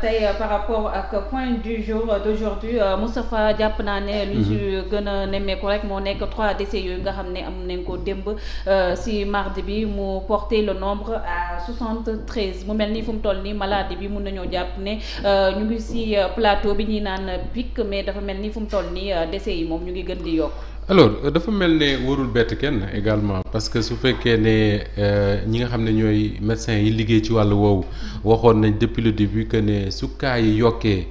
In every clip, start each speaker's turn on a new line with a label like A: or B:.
A: tey euh, par rapport ak point du jour d'aujourd'hui euh, Moustapha jàpp naa ne lu ci mhm. gën a nemmeeku rek moo nekk trois décès yooyu nga xam ne am nañ ko démb ci euh, mardi bi mu porté le nombre à soixante-treize mu mel ni fu mu toll nii maladie bi mun nañoo jàpp ne ñu ngi si plateau bi ñuy naan pic mais dafa mel ni fu mu toll nii décès yi moom ñu ngi gën di yokk
B: alors euh, dafa mel ne warul bett kenn également parce que su fekkee ne euh, ñi nga xam ne ñooy médecins yi liggéey ci wàllu woowu waxoon nañ depuis le début que ne su cas yi yokkee.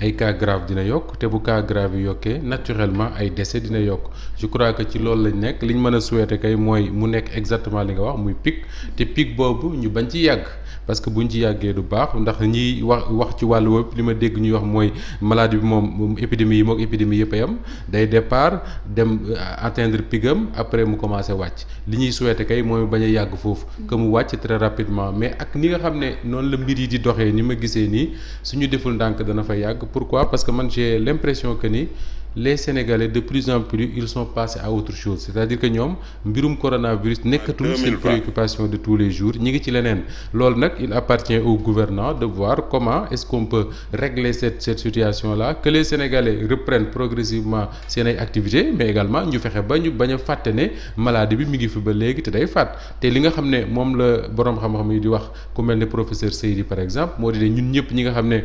B: ay cas grave dina yokk te bu cas grave yi yokkee naturellement ay décès dina yokk je crois que ci loolu lañ nekk li ñu mën a souhaiter kay mooy mu nekk exactement li nga wax muy pic te pic boobu ñu bañ ci yàgg parce que ñu ci yàggee du baax ndax ñuy wax wax ci wàllu wëpp li ma dégg ñuy wax mooy maladie bi moom épidemie yi mook épidémie yëpp am yam day départ dem euh, atteindre am après mu commencé wàcc li ñuy souhaiter kay mooy bañ a yàgg foofu que mu wàcc très rapidement mais ak ni nga xam ne noonu la mbir yi di doxee ni ma gisee nii suñu deful ndànk dana fa yàgg pourquoi parce que man j'ai l'impression que ni les sénégalais de plus en plus ils sont passés à autre chose c'est-à-dire que ñoom mbirum coronavirus nekkatul seen préoccupation de tous les jours ñi ngi ci leneen loolu nag il appartient au gouvernement de voir comment est-ce qu'on régler cette situation la que les sénégalais reprennent progressivement seen ay activités mais également ñu fexe ba ñu bañ a fàtte ne maladie bi mi ngi fi ba léegi te day fàtt te li nga xam ne moom la boroom xam-xam di wax ku mel ne professeur par exemple moo di ne ñun ñëpp ñi nga xam ne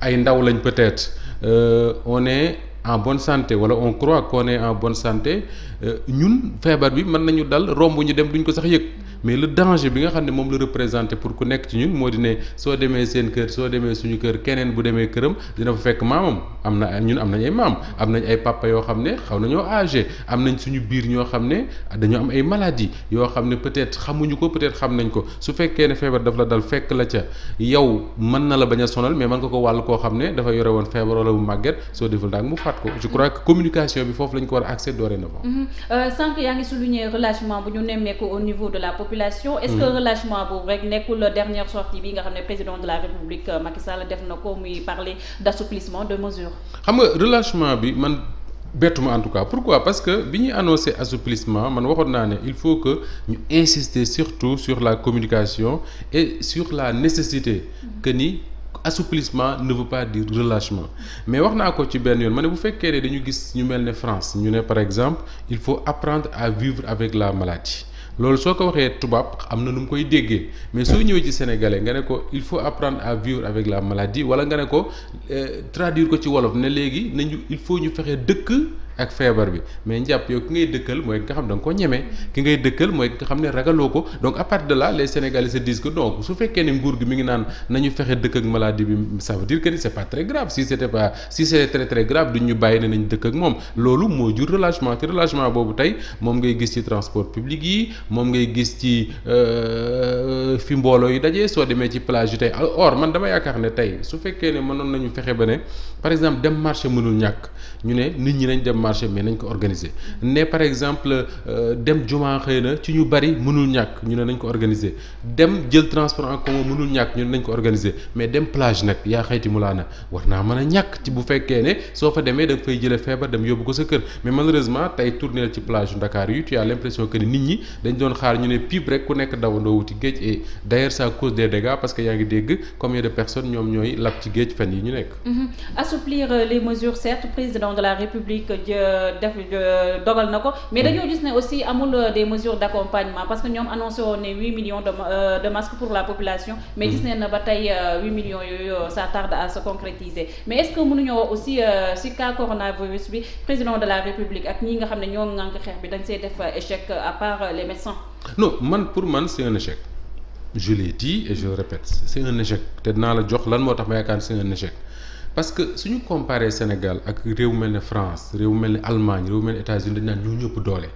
B: ay ndaw lañ peut-être euh, on est en bonne santé wala on croit qu'on en bonne santé euh, ñun feebar bi mën nañu dal romb ñu dem duñ ko sax yëg mais le danger bi nga xam ne moom la représenté pour ku nekk ci ñun moo di ne soo demee seen kër soo demee suñu kër keneen bu demee këram dina fa fekk maamam am na ñun am nañ ay maam am nañ ay papa yoo xam ne xaw nañoo xam ne ko peut-être xam nañ ko su fekkee ne feebar daf la dal fekk la ca yow mën na la bañ a sonal mais man nga ko wàll koo xam ne dafa yore woon feebar wala bu màgget soo deful daal mu faat ko je crois que communication bi foofu lañ ko war a accès dorénavant.
A: Mm-hmm. Euh, sànq population. est boobu rek nekkul dernière sortie nga xam ne président de la république euh, Macky Sall def na ko muy parler d'assouplissement de mesures.
B: xam nga relâchement bi man. bettuma en tout cas pourquoi parce que bi ñuy annoncé assouplissement man waxoon naa ne il faut que ñu insister surtout sur la communication et sur la nécessité mm-hmm. que ni assouplissement ne veut pas dire relâchement mais wax naa ko ci benn yoon ma ne bu fekkee ne dañu gis ñu mel ne France ñu ne par exemple il faut apprendre à vivre avec la maladie loolu soo ko waxee tubaab am na lu mu koy déggee mais soo ñëwee ci sénégalais nga ne ko il faut apprendre à vivre avec la maladie wala nga ne ko euh, traduire ko ci wolof ne léegi nañu il faut ñu fexe dëkk ak feebar bi mais njàpp yow ki ngay dëkkal mooy ki nga xam da nga ki ngay dëkkal mooy ki nga ne ragaloo ko donc à partir de là les sénégalais se disent que donc su fekkee ne nguur gi mi ngi naan nañu fexe dëkk ak maladie bi ça veut dire que ni c'est pas très grave si c'était pas si c'est très ñu bàyyi ne nañ dëkk ak moom loolu moo jur relâchement te relâchement boobu tey moom ngay gis ci transport public yi moom ngay gis ci euh, fi mbooloo yi dajee soo demee ci plage yi tey or man dama yaakaar ne tey su fekkee ne mënoon nañu fexe ba ne par exemple dem marché mënul ñàkk ñu ne nit ñi nañ marché mais nañ ko organiser ne par exemple euh, dem jumaa na ci ñu bari mënul ñàkk dem jël transport en commun mënul ñàkk ñu ne nañ ko organiser mais dem plage bu ko sa kër mais malheureusement tey tourner ci plage Dakar yi tu as l'impression que nit ñi dañ doon xaar ñu ne pipe rek ku nekk dawandoo wuti géej et d'ailleurs ça cause des dégâts parce que yaa ngi dégg combien de personnes ñoom ñooy lab ci géej fan yi ñu nekk
A: mm-hmm. assouplir euh, Euh, def euh, dogal na ko mais dañoo gis ne aussi amul euh, des mesures d'accompagnement parce que ñoom annoncé woon ne huit millions de de masques pour la population mais gis mm-hmm. nañ ne ba tey huit millions yooyu sa tarde à se concrétiser mais est-ce que mënuñoo aussi si cas coronavirus bi président de la république ak ñi nga xam ne ñoo ŋànk xeex bi dañ see def échec à part les médecins
B: non man pour man c'est un échec je l'ai dit et je répète c'est échec te dinaa la jox lan moo tax ma yaakaar parce que suñu comparer Sénégal ak réew mel ne France réew mel ni Allemagne réew mel ni États-Unis dañ naan ñoo ñëpp doole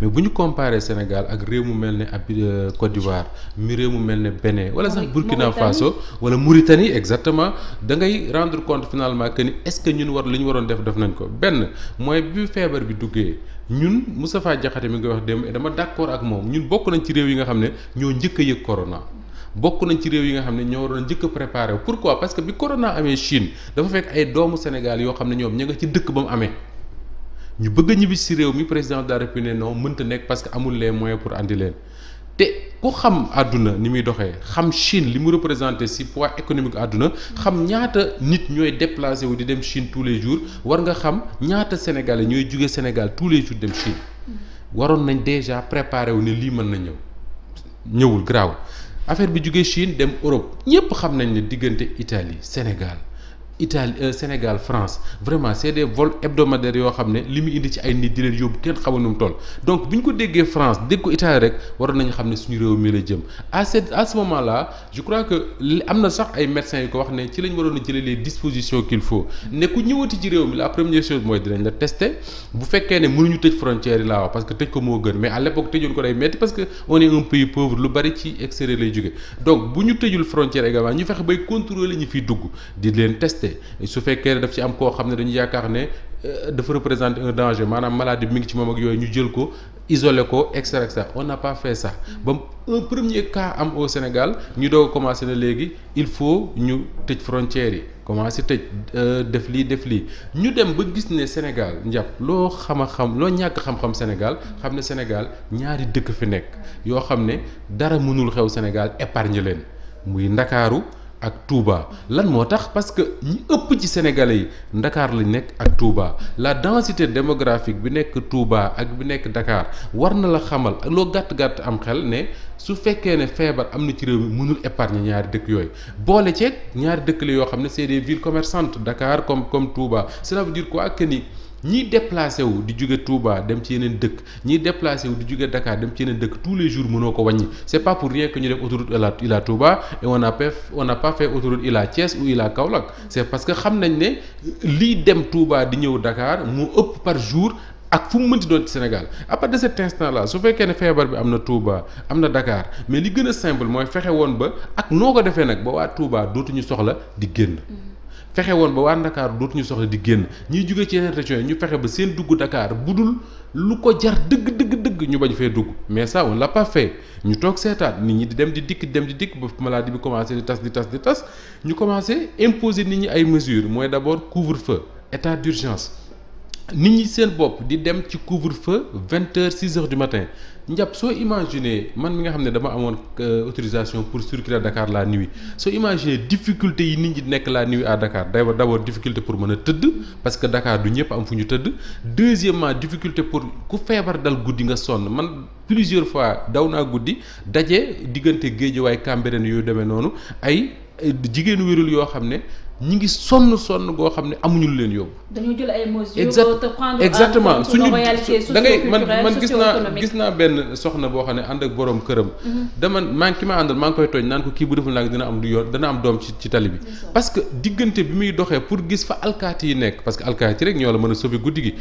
B: mais bu ñu comparer Sénégal ak réew mu mel ne ab euh, Côte d'Ivoire mi réew mu mel ne Bénin wala sax Burkina Faso wala Mauritanie exactement da ngay rendre compte finalement que ni est-ce que ñun war li ñu waroon def def nañ ko benn mooy bi feebar bi duggee ñun Moustapha Diakhaté mi ngi wax démb dama d'accord ak moom ñun bokk nañ ci réew yi nga xam ne ñoo njëkk a corona bokk nañ ci réew yi nga xam ne ñoo waroon njëkk a préparé wu pourquoi parce que bi corona amee Chine dafa fekk ay doomu Sénégal yoo xam ne ñoom nga ci dëkk ba amee ñu bëgg a ñibbi si réew mi président de la République ne non mënta que amul les moyens pour andi leen te ku xam àdduna ni muy doxee xam Chine li mu représenté si économique àdduna xam ñaata nit ñooy déplacé wu di dem Chine tous les jours war nga xam ñaata sénégalais ñooy jóge Sénégal tous les jours dem Chine waroon nañ déjà préparé wu ne lii mën na ñëw ñëwul graw affaire bi jugee Chine dem Europe ñëpp xam nañ ne diggante itali Sénégal Italie euh, Sénégal France vraiment c'est des vols hebdomadaires yoo xam ne li mu indi ci ay nit di leen yóbbu kenn xamu toll donc bu ñu ko déggee France dégg ko Italie rek waroon nañu xam ne suñu réew mi la jëm à ce à ce moment là je crois que am na sax ay médecins yu ko wax ne ci lañ waroon a jëlee les dispositions qu'il faut ne ku ñëwati ci réew mi la première chose mooy dinañ la tester bu fekkee ne mënuñu tëj frontière laa wax parce que tëj ko moo gën mais à que on est un pays pauvre lu bari ci extérieur lay jóge donc bu ñu tëjul frontière également ñu fexe bay dugg di contesté su fekkee ne daf ci am koo xam ne dañu yaakaar ne euh, dafa représenter un danger maanaam maladie bi mi ngi ci moom ak yooyu ñu jël ko isolé ko et cetera et cetera on n'a pas sax ça ba premier cas am au Sénégal ñu doog a commencé na léegi il faut ñu tëj frontières yi commencé tëj euh, def lii def lii ñu dem ba gis ne Sénégal njàpp loo xam xam loo ñàkk xam-xam Sénégal xam ne Sénégal ñaari dëkk fi nekk yoo xam ne dara mënul xew Sénégal épargne leen muy Ndakaaru ak Touba lan moo tax parce que ëpp ci sénégalais yi Ndakaar lañ nekk ak Touba la densité démographique bi nekk Touba ak bi nekk Dakar war na la xamal ak loo gàtt gàtt am xel ne su fekkee ne feebar am na ci réew mi mënul épargne ñaari dëkk yooyu boole ceeg ñaari dëkk yoo xam ne c'est des villes commerçantes Dakar comme comme Touba cela veut dire ni. ñiy déplacé wu di jóge Touba dem ci yeneen dëkk ñiy déplacé wu di jóge dakaar dem ci yeneen dëkk tous les jours mënoo ko wàññi c'est pas pour rien que ñu def autoroute Ila Ila Touba et on a pas on n'a pas fait autoroute Ila Thiès ou Ila Kaolack xam nañ ne liy dem Touba di ñëw Dakar mu ëpp par jour ak fu mu mënti doon Sénégal à partir de instant là su fekkee ne feebar bi am na Touba am na dakaar mais li gën a simple mooy fexe woon ba ak noo ko defee nag ba waa Touba dootuñu soxla di génn. fexe woon ba waa Ndakaaru dootuñu soxla di génn ñiy jugee ci yeneen régions yi ñu fexe ba seen dugg bu budul lu ko jar dëgg dëgg dëgg ñu bañ fee dugg mais ça on l'a pas ñu toog seetaat nit ñi di dem di dikk dem di dikk ba maladie bi commencé di tas di tas di tas ñu commencé imposer nit ñi ay mesures mooy d'abord couvre-feu état d'urgence nit ñi seen bopp di dem ci couvre-feu vingt heures six heures du matin njàpp soo imaginer man mi nga xam ne dama amoon euh, autorisation pour circuler à Dakar la nuit soo imaginer difficulté yi nit ñi nekk la nuit à Dakar day d'abord difficulté pour mën a tëdd parce que Dakar du ñëpp am fu ñu tëdd deuxièmement difficulté pour ku feebar dal guddi nga sonn man plusieurs fois daw naa guddi daje diggante Guédiawaye Cambérène yooyu demee noonu ay jigéenu wérul yoo xam ne ñi ngi sonn sonn goo xam ne amuñu lu leen yóbbu.
A: dañu ay mesures te prendre exactement suñu da ngay man man gis naa gis naa
B: benn soxna boo xam ne ànd ak borom këram. Mhm. dama maa ngi ki koy tooñ naan ko kii bu deful nag dina am du yoon dana am doom ci ci tali parce que diggante bi muy doxee pour gis fa alkaati yi nekk parce que alkaati rek ñoo la mën a sauver guddi gi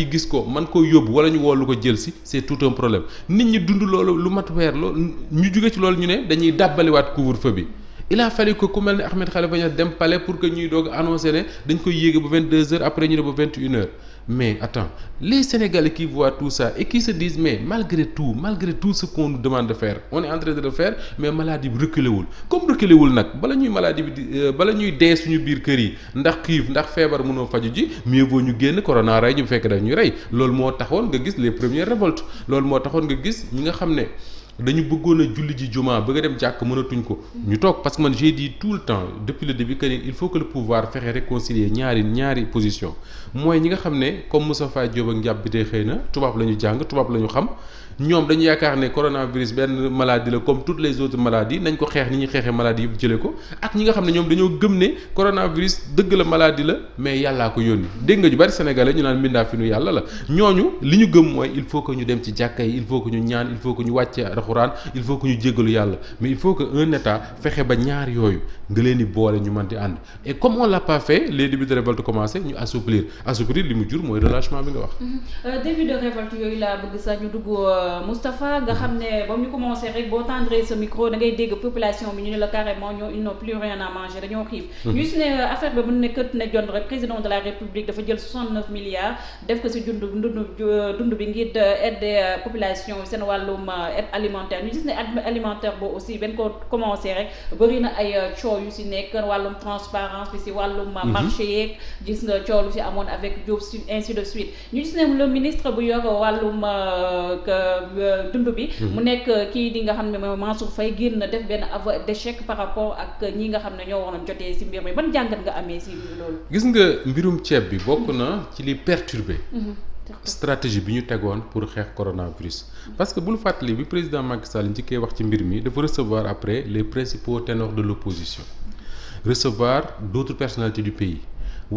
B: yi gis ko man koo yóbbu wala ñu woolu ko jël si c' est tout problème nit ñi dund loolu lu mat weer loolu ñu jóge ci loolu ñu ne dañuy dàbbaliwaat couvre-feu bi il a fallu que ku mel ne Ahmed Khalifa Niass dem palais pour que ñuy doog annoncé ne dañ koy yéege ba 22h après ñu ne ba 21h mais attends les Sénégalais qui voient tout ça et qui se mais malgré tout malgré tout ce qu'on nous demande de faire on est en de faire mais maladie bi reculé wul comme reculé wul nag bala ñuy maladie bi euh, bala ñuy dee suñu biir kër yi ndax xiif ndax feebar mënoo faju ji mieux vaut ñu génn corona rey bu fekk daf ñu rey loolu moo taxoon nga gis les premières révoltes loolu moo taxoon nga gis ñi nga xam ne dañu bëggoon a julli ji juma bëgg a dem jàkk mënatuñ ko mm. ñu toog parce que man j'ai dit tout le temps depuis i début que il faut que le pouvoir fexe réconcilier ñaari ñaari position mooy ñi nga xam ne comme Moustapha Diop ak xëy na tubaab la ñu jàng tubaab la ñu xam ñoom dañu yaakaar ne coronavirus benn maladie la comme toutes les autres maladies nañ ko xeex ni ñu xeexee maladie yëpp jëlee ko ak ñi nga xam ne ñoom dañoo gëm ne coronavirus dëgg la maladie la mais yàllaa ko yónni dégg nga ju bari sénégalais ñu naan mbindaa fi nu yàlla la li ñu gëm mooy il faut que ñu dem ci jàkka il faut ñu ñaan il faut que ñu alxuraan il faut que ñu jéggalu yàlla mais il faut que un état fexe ba ñaar yooyu nga leen boole ñu mën di ànd et comme on l'a fait les débuts de révolte commencé ñu assouplir assouplir li mu jur mooy relâchement bi nga wax. Mhm.
A: Euh, début de révolte yooyu laa bëgg sax ñu dugg euh, Moustapha nga xam ne ba ñu commencé rek boo tendre sa micro da dégg population bi ñu ne la carrément ñoo ils n'ont plus rien manger dañoo xiif. Mhm. ñu gis ne euh, affaire bi mën na ne alimentaire ñu gis ne alimentaire boo aussi benn ko commencé rek bëri na ay euh, coow yu si nekk wàllum transparence bi si wàllum euh, mhm. marché yeeg gis nga coow lu si amoon avec Diop si de suite ñu gis le ministre bu yor wàllum euh, dund bi mhm. mu nekk kii di nga xam ne mooy Mansour fay génn na def benn aveu d'échec par rapport ak ñi nga xam ne ñoo waroon jotee si mbir mi ban jàngat nga amee si loolu
B: gis nga mbirum ceeb bi bokk na ci li perturbé mhm. stratégie bi ñu tegoon pour xeex coronavirus. parce que bul fàttali bi président Macky Sall njëkkee wax ci mbir mi dafa recevoir après les principaux ténors de l'opposition recevoir d'autres personnalités du pays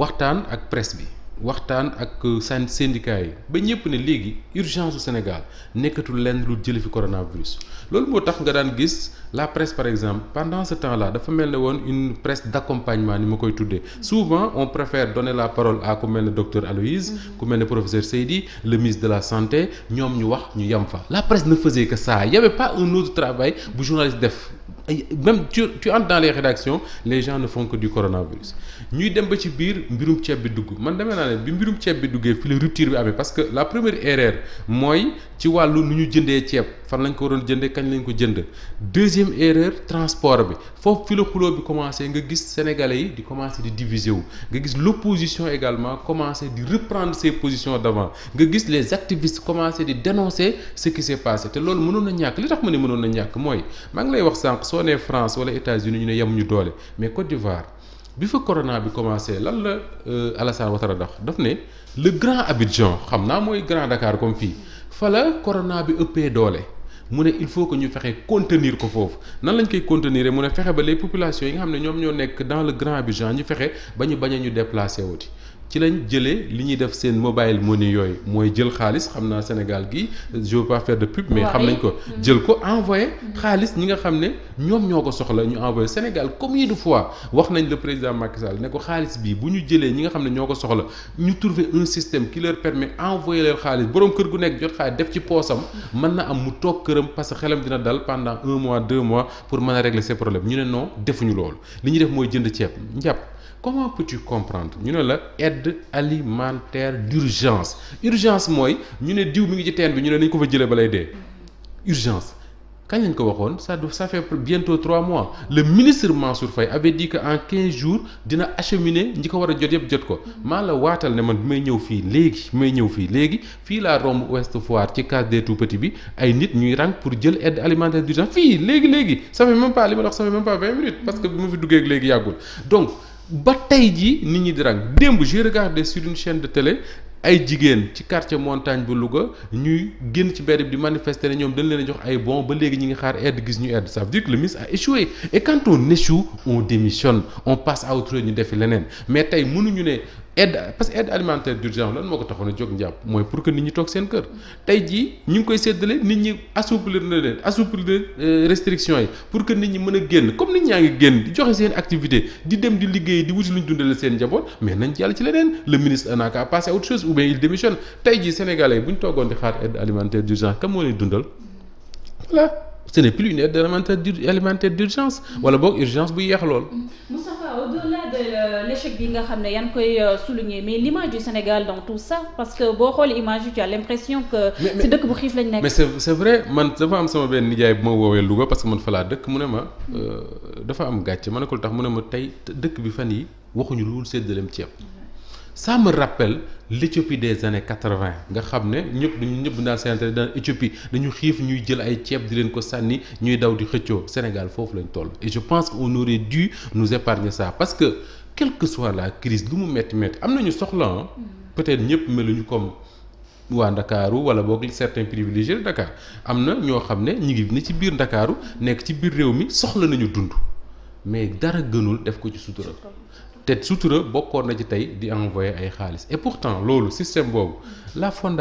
B: waxtaan ak presse bi. waxtaan ak euh, seen syndicat yi ba ñëpp ne léegi urgence su Sénégal nekkatul lenn lu jële fi coronavirus loolu moo tax nga daan gis la presse par exemple pendant ce temps-là dafa mel ne woon une presse d'accompagnement ni ma koy tuddee souvent on préfère donner la parole à ku mel ne docteur Aloïse ku mel ne professeur Seydi le ministre de la santé ñoom ñu wax ñu yem fa la presse ne faisait que ça il y avait pas un autre travail bu journaliste def ay même tu tu entres dans les rédactions les gens du coronavirus ñuy dem ba ci biir mbirum ceeb bi dugg man demee naa ne bi mbirum ceeb bi duggee fi la rupture bi amee parce que la première erreur mooy ci wàllu nu ñu jëndee ceeb fan lañ ko waroon jëndee kañ lañ ko jënd deuxième erreur transport bi foofu fi la bi commencé nga gis sénégalais yi di commencé di diviser wu nga gis l'opposition également commencé di reprendre ses positions d'avant nga gis les activistes commencé di dénoncer ce qui s'est passé te loolu mënoon na ñàkk li tax ma ne mënoon na ñàkk mooy maa ngi lay wax sànq soo nee France wala États-Unis ñu ne yemuñu doole mais Côte d'Ivoire bi fa corona bi commencé lan la euh, Alassane Ouattara dox daf ne le grand Abidjan xam naa mooy grand Dakar comme fii fa la corona bi ëppee doole mu ne il faut que ñu fexe contenir ko foofu nan lañ koy contenir mu ne fexe ba les populations yi nga xam ne ñoom ñoo nekk dans le grand Abidjan ñu fexe ba ñu bañee ñu déplacé wuti ci lañ jëlee li ñuy def seen mobile money yooyu mooy jël xaalis xam naa Sénégal gi je veux pas faire de pub mais xam nañ ko mm-hmm. jël ko envoyé xaalis ñi nga xam ne ñoom ñoo ko soxla ñu envoyé Sénégal combien de fois wax nañ le président Macky ne ko xaalis bii bu ñu jëlee ñi nga xam ne ñoo ko soxla ñu trouver un système qui permet envoyé leen xaalis boroom kër gu nekk jot xaalis def ci poosam mën na am mu toog këram parce que xelam dina dal pendant un mois deux mois pour mën a régler ses problèmes ñu ne non defuñu loolu li ñuy def mooy jënd ceeb njàpp comment peux-tu comprendre ñu ne la aide alimentaire d'urgence urgence mooy ñu ne diw mu ngi ci teen bi ñu ne nañ ko fa jëlee balay dee urgence kañ lañ ko waxoon ça ça fait bientôt trois mois le ministre Mansour Faye avait dit en quinze jours dina acheminer ñi ko war a jot yëpp jot ko maa la waatal ne man bi may ñëw fii léegi bi may ñëw fii léegi fii laa romb Ouest Foire ci case des tout-petits bi ay nit ñuy rang pour jël aide alimentaire d'urgence fii léegi léegi ça fait même pas li ma la wax que bi ma fi duggee léegi yàggul donc ba tey ji nit ñi di rang démb j'ai regardé sur une de télé ay jigéen ci quartier montagne bu Louga ñuy génn ci mbedd bi di manifester ne ñoom dañ leen jox ay bon ba léegi ñi ngi xaar aide gis ñu aide ça veut dire que le ministre a échoué et quand on échoue on passe à ñu defi leneen mais tey mënuñu ne aide parce que aide alimentaire d'urgence lan moo ko taxoon a jóg njàpp mooy pour que nit ñi toog seen kër tey jii ñu ngi koy séddale nit ñi assouplir na leen assouplir euh, restriction yi pour que nit ñi mën a génn comme nit ñaa ngi génn di joxe seen activité di dem di liggéey di wuti lu ñu dundale seen njaboot mais nañ ci yàlla ci leneen le ministre n'a qu'à passer à autre chose ou bien il démissionne tey jii sénégalais yi bu ñu toogoon di xaar aide alimentaire d'urgence kam moo leen dundal
A: au-delà de euh, l'échec bi nga xam ne yan koy euh, souligner mais l'image du Sénégal dans tout ça parce que boo xoolee image yi tu l'impression que. si dëkk bu xiif lañ nekk. mais
B: c'est vrai man dafa am sama benn nijaay bu ma woowee luga parce que man fa laa dëkk mu ne ma hmm. euh, dafa am gàcce ma ne ko tax mu ne ma tey dëkk bi fan yi waxuñu luul dul ceeb. ça me rappelle l'Éthiopie des années quatre-vingt nga xam ne ñëpp dañu ñëpp naa Sénégal daan Éthiopie dañu xiif ñuy jël ay ceeb di leen ko sànni ñuy daw di xëccoo Sénégal foofu lañ toll et je pense qu'on aurait dû nous épargner parce que quelle que soit la crise lu mu metti metti am ñu soxla mm. peut-être ñëpp meluñu comme waa ndakaaru wala boog certains privilégiés de am na ñoo xam ne ñu ngi ne ci biir ndakaaru nekk ci biir réew mi soxla nañu dund mais dara gënul def ko ci sutura te sutura bokkoon na ci tey di envoyer ay xaalis et pourtant loolu système boobu la